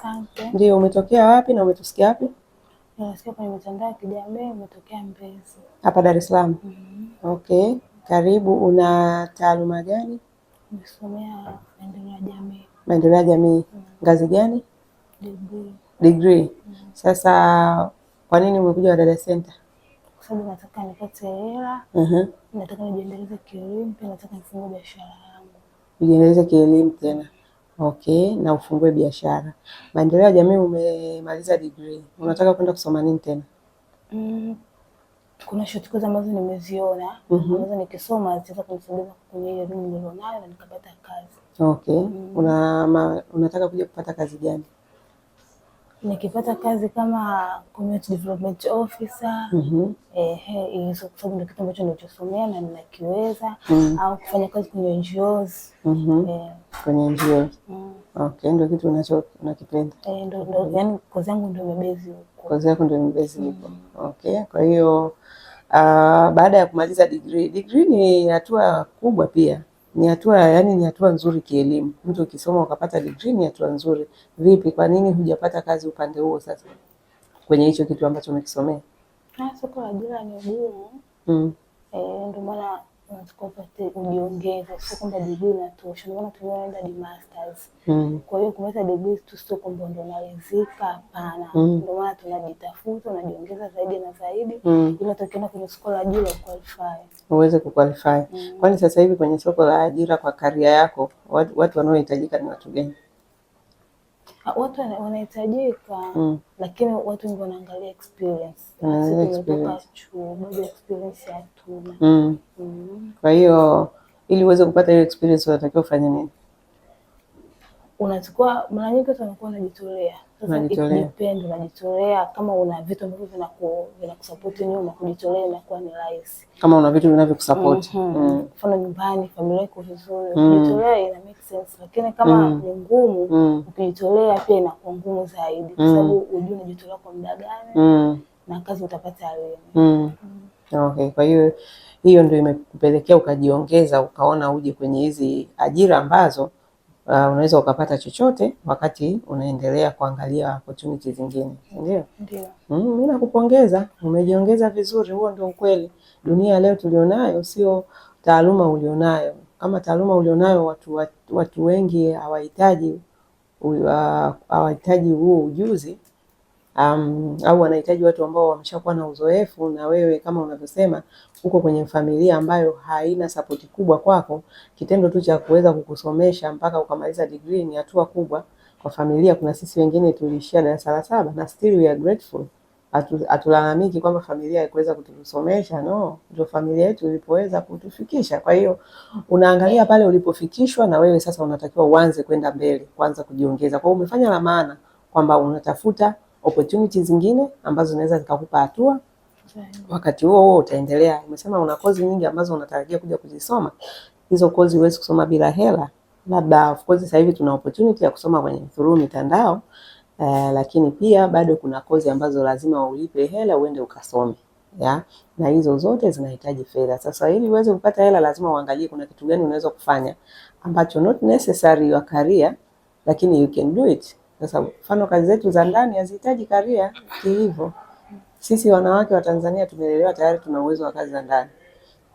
Asante. Ndio, umetokea wapi na umetusikia wapi? Nasikia kwenye mitandao ya kijamii umetokea Mbezi. Hapa Dar es Salaam. mm -hmm. Okay, karibu. Una taaluma gani? Nimesomea maendeleo ya jamii. Maendeleo ya jamii. mm -hmm. Ngazi gani? Degree. Degree. mm -hmm. Sasa kwa nini umekuja Wadada Center? Kwa sababu nataka nipate hela. Mhm. mm Nataka nijiendeleze kielimu, pia nataka nifungue biashara yangu. Nijiendeleze kielimu tena Mm Okay, na ufungue biashara. Maendeleo ya jamii, umemaliza degree, unataka kwenda kusoma nini tena? Mm, kuna shoti kozi ambazo nimeziona mm -hmm. nikisoma zitaweza kunisaidia kwenye ile elimu nilionayo na nikapata kazi. Okay. Mm Una, ma, unataka kuja kupata kazi gani? nikipata kazi kama community development officer mm eh, hizo kwa sababu ndio kitu ambacho nilichosomea na ninakiweza mhm. au kufanya kazi kwenye NGOs mhm. eh. kwenye NGOs mm. Okay, ndio kitu unacho unakipenda eh, ndio ndio Yani kozi yangu ndio imebezi huko, kozi yako ndio imebezi mm. huko Okay, kwa hiyo uh, baada ya kumaliza degree, degree ni hatua kubwa pia ni hatua yani, ni hatua nzuri kielimu. Mtu ukisoma ukapata degree ni hatua nzuri. Vipi, kwa nini hujapata kazi upande huo sasa, kwenye hicho kitu ambacho umekisomea? Ah, soko la ajira ni gumu, mm. eh, ndio maana unatakiwa ujiongeze, sio kwamba degree inatosha. Ndio maana tunaona nenda di masters. Mm. Kwa hiyo kumaliza degree tu sio kwamba ndio narizika, hapana. Mm. Ndio maana tunajitafuta, unajiongeza zaidi na zaidi, mm. ili tukienda kwenye soko la ajira qualify, uweze kuqualify. Kwani sasa hivi kwenye soko la ajira kwa karia yako watu wanaohitajika ni watu gani? Ah, watu wanahitajika mm. Lakini watu wengi wanaangalia experience, mm. Mm. Kwa hiyo ili uweze kupata hiyo experience unatakiwa ufanye nini? unachukua mara nyingi watu wanakuwa wanajitolea. Sasa unajitolea, kama una vitu ambavyo vinaku vinakusapoti nyuma, kujitolea inakuwa ni rahisi. Kama una vitu vinavyokusapoti mhm. mm. mfano mm -hmm. mm. nyumbani, familia iko vizuri, mm. kujitolea ina make sense, lakini kama mm. ni ngumu mm. ukijitolea pia inakuwa ngumu zaidi, kwa sababu hujui unajitolea kwa muda gani mm. na kazi utapata lini mm. mm. okay, kwa hiyo hiyo ndio imekupelekea ukajiongeza, ukaona uje kwenye hizi ajira ambazo uh, unaweza ukapata chochote wakati unaendelea kuangalia opportunity zingine, ndio ndio. Mm, mimi nakupongeza, umejiongeza vizuri. Huo ndio ukweli. Dunia leo tulionayo sio taaluma ulionayo. Kama taaluma ulionayo, watu watu wengi hawahitaji uh, hawahitaji huo ujuzi um, au wanahitaji watu ambao wameshakuwa na uzoefu, na wewe kama unavyosema uko kwenye familia ambayo haina sapoti kubwa kwako, kitendo tu cha kuweza kukusomesha mpaka ukamaliza degree ni hatua kubwa kwa familia. Kuna sisi wengine tuliishia darasa la saba na still we are grateful, hatulalamiki kwamba familia haikuweza kutusomesha. No, ndio familia yetu ilipoweza kutufikisha. Kwa hiyo unaangalia pale ulipofikishwa, na wewe sasa unatakiwa uanze kwenda mbele, kuanza kujiongeza. Kwa hiyo umefanya la maana kwamba unatafuta opportunities zingine ambazo zinaweza zikakupa hatua wakati huo huo utaendelea. Umesema una kozi nyingi ambazo unatarajia kuja kuzisoma, hizo kozi huwezi kusoma bila hela. Labda of course sasa hivi tuna opportunity ya kusoma kwenye through mitandao uh, lakini pia bado kuna kozi ambazo lazima ulipe hela uende ukasome ya na hizo zote zinahitaji fedha. Sasa ili uweze kupata hela, lazima uangalie kuna kitu gani unaweza kufanya ambacho not necessary your career, lakini you can do it sasa mfano kazi zetu za ndani hazihitaji karia kihivyo. Sisi wanawake wa Tanzania tumelelewa tayari tuna uwezo wa kazi za ndani.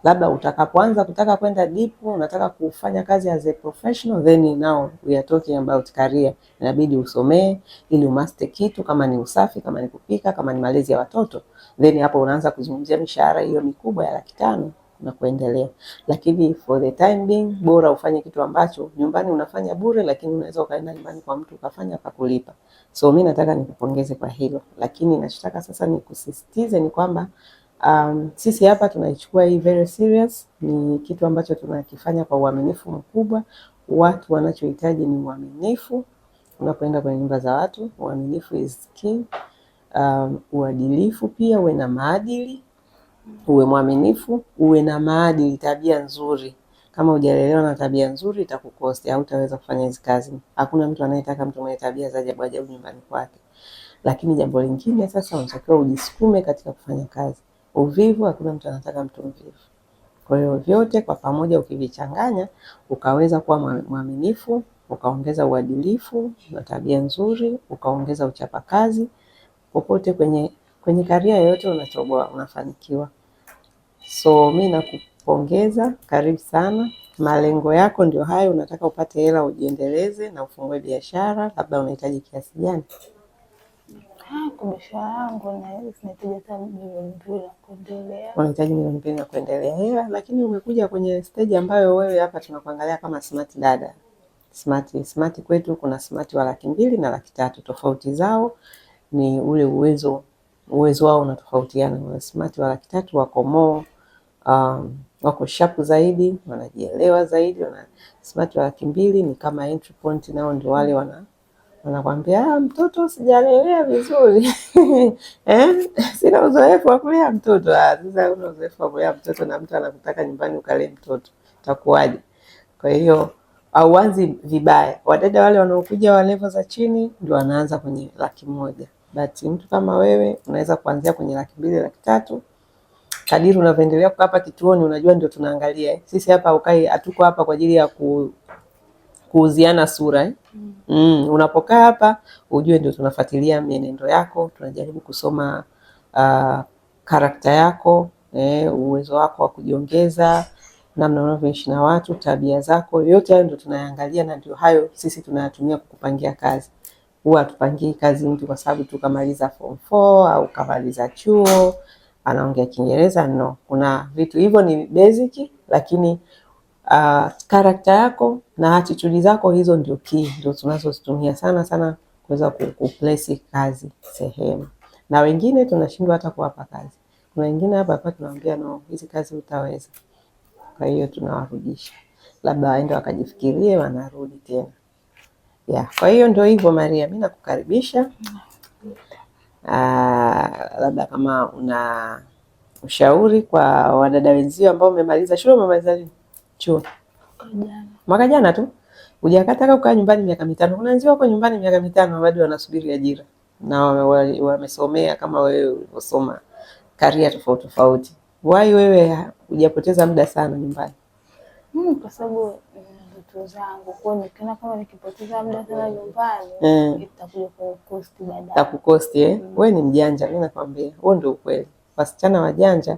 Labda utakapoanza kutaka kwenda deep, unataka kufanya kazi as a professional, then now we are talking about career. Inabidi usomee ili umaste kitu, kama ni usafi, kama ni kupika, kama ni malezi ya watoto, then hapo unaanza kuzungumzia mishahara hiyo mikubwa ya laki tano na kuendelea, lakini for the time being bora ufanye kitu ambacho nyumbani unafanya bure, lakini unaweza ukaenda nyumbani kwa mtu ukafanya akakulipa. So mi nataka nikupongeze kwa hilo, lakini nachotaka sasa nikusisitize ni kwamba um, sisi hapa tunaichukua hii very serious. Ni kitu ambacho tunakifanya kwa uaminifu mkubwa. Watu wanachohitaji ni uaminifu. Unapoenda kwenye nyumba za watu, uaminifu is key. Um, uadilifu pia, uwe na maadili uwe mwaminifu, uwe na maadili, tabia nzuri. Kama hujalelewa na tabia nzuri itakukosti, au utaweza kufanya hizi kazi. Hakuna mtu anayetaka mtu mwenye tabia za ajabu ajabu nyumbani kwake. Lakini jambo lingine sasa, unatakiwa ujisukume katika kufanya kazi. Uvivu, hakuna mtu anataka mtu mvivu. Kwa hiyo vyote kwa pamoja ukivichanganya, ukaweza kuwa mwaminifu, ukaongeza uadilifu na tabia nzuri, ukaongeza uchapakazi popote kwenye kwenye karia yoyote unachoboa unafanikiwa. So mi nakupongeza, karibu sana. Malengo yako ndio hayo, unataka upate hela ujiendeleze na ufungue biashara. Labda unahitaji kiasi gani? Ah, unahitaji milioni mbili na kuendelea hela, lakini umekuja kwenye steji ambayo wewe hapa tunakuangalia kama smart dada. Smart, smart kwetu kuna smart wa laki mbili na laki tatu. Tofauti zao ni ule uwezo uwezo wao unatofautiana. smart wa laki tatu wako more um, wako shapu zaidi, wanajielewa zaidi. smart wa laki mbili ni kama entry point, nao ndio wale wana wanakwambia ah, mtoto sijalelea vizuri eh? Sina uzoefu wa kulea mtoto. Ah, sasa una uzoefu wa kulea mtoto na mtu anakutaka nyumbani ukalee mtoto, utakuwaje? Kwa hiyo auanzi vibaya. Wadada wale wanaokuja wa levo za chini ndio wanaanza kwenye laki moja but mtu kama wewe unaweza kuanzia kwenye laki mbili, laki tatu kadiri unavyoendelea kukaa hapa kituoni, unajua ndio tunaangalia eh. Sisi hapa ukai hatuko hapa kwa ajili ya ku, kuuziana sura eh. Mm. Mm, unapokaa hapa ujue ndio tunafuatilia mienendo yako, tunajaribu kusoma uh, ah, karakta yako eh, uwezo wako wa kujiongeza, namna unavyoishi na watu, tabia zako, yote hayo ndio tunayaangalia, na ndio hayo sisi tunayatumia kukupangia kazi huwa hatupangii kazi mtu kwa sababu tu kamaliza form 4 au kamaliza chuo anaongea Kiingereza no. Kuna vitu hivyo ni basic, lakini uh, ah, karakta yako na attitude zako hizo ndio key, ndio tunazozitumia sana sana kuweza kuplace kazi sehemu, na wengine tunashindwa hata kuwapa kazi. Kuna wengine hapa hapa tunaambia no, hizi kazi utaweza. Kwa hiyo tunawarudisha, labda waende wakajifikirie, wanarudi tena. Yeah, kwa hiyo ndio hivyo Maria, mimi nakukaribisha. Ah, labda kama una ushauri kwa wadada wenzio ambao umemaliza shule, umemaliza chuo? Mwaka jana tu. Hujakataka kukaa nyumbani miaka mitano. Kuna wenzio wako nyumbani miaka mitano bado wanasubiri ajira na wamesomea wame kama wewe ulivyosoma karia tofauti tofauti. Wai wewe hujapoteza muda sana nyumbani? Mm, kwa sababu mm, vitu zangu. Kwa hiyo nikiona kama nikipoteza muda sana mm. nyumbani eh, mm. itakuja baadaye. Itakukosti eh? Mm. Wewe ni mjanja, mimi nakwambia. Huo ndio ukweli. Wasichana wajanja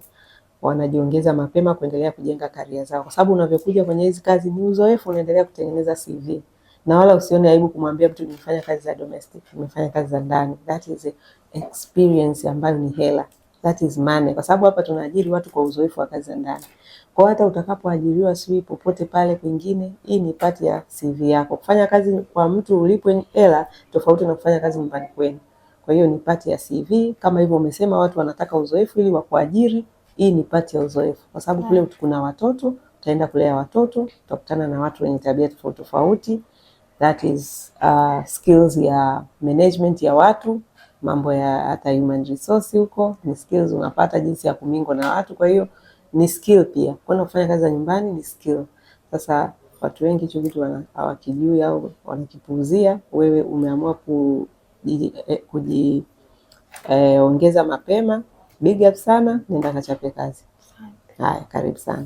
wanajiongeza mapema kuendelea kujenga karia zao, kwa sababu unavyokuja kwenye hizi kazi ni uzoefu, unaendelea kutengeneza CV na wala usione aibu kumwambia mtu nimefanya kazi za domestic, nimefanya kazi za ndani. That is experience ambayo ni hela that is money, kwa sababu hapa tunaajiri watu kwa uzoefu wa kazi ndani. Kwa hata utakapoajiriwa sijui popote pale kwingine, hii ni part ya CV yako. Kufanya kazi kwa mtu ulipwe hela tofauti na kufanya kazi nyumbani kwenu. Kwa hiyo ni part ya CV. Kama hivyo umesema watu wanataka uzoefu ili wakuajiri, hii ni part ya uzoefu, kwa sababu kule kuna watoto, utaenda kulea watoto, utakutana na watu wenye tabia tofauti tofauti. That is uh, skills ya management ya watu mambo ya hata human resource huko, ni skills unapata jinsi ya kumingo na watu. Kwa hiyo ni skill pia, kwenda kufanya kazi za nyumbani ni skill. Sasa watu wengi hicho kitu hawakijui au wanakipuuzia. Wewe umeamua kujiongeza kuji, eh, mapema. Big up sana, nenda kachape kazi. Haya, karibu sana.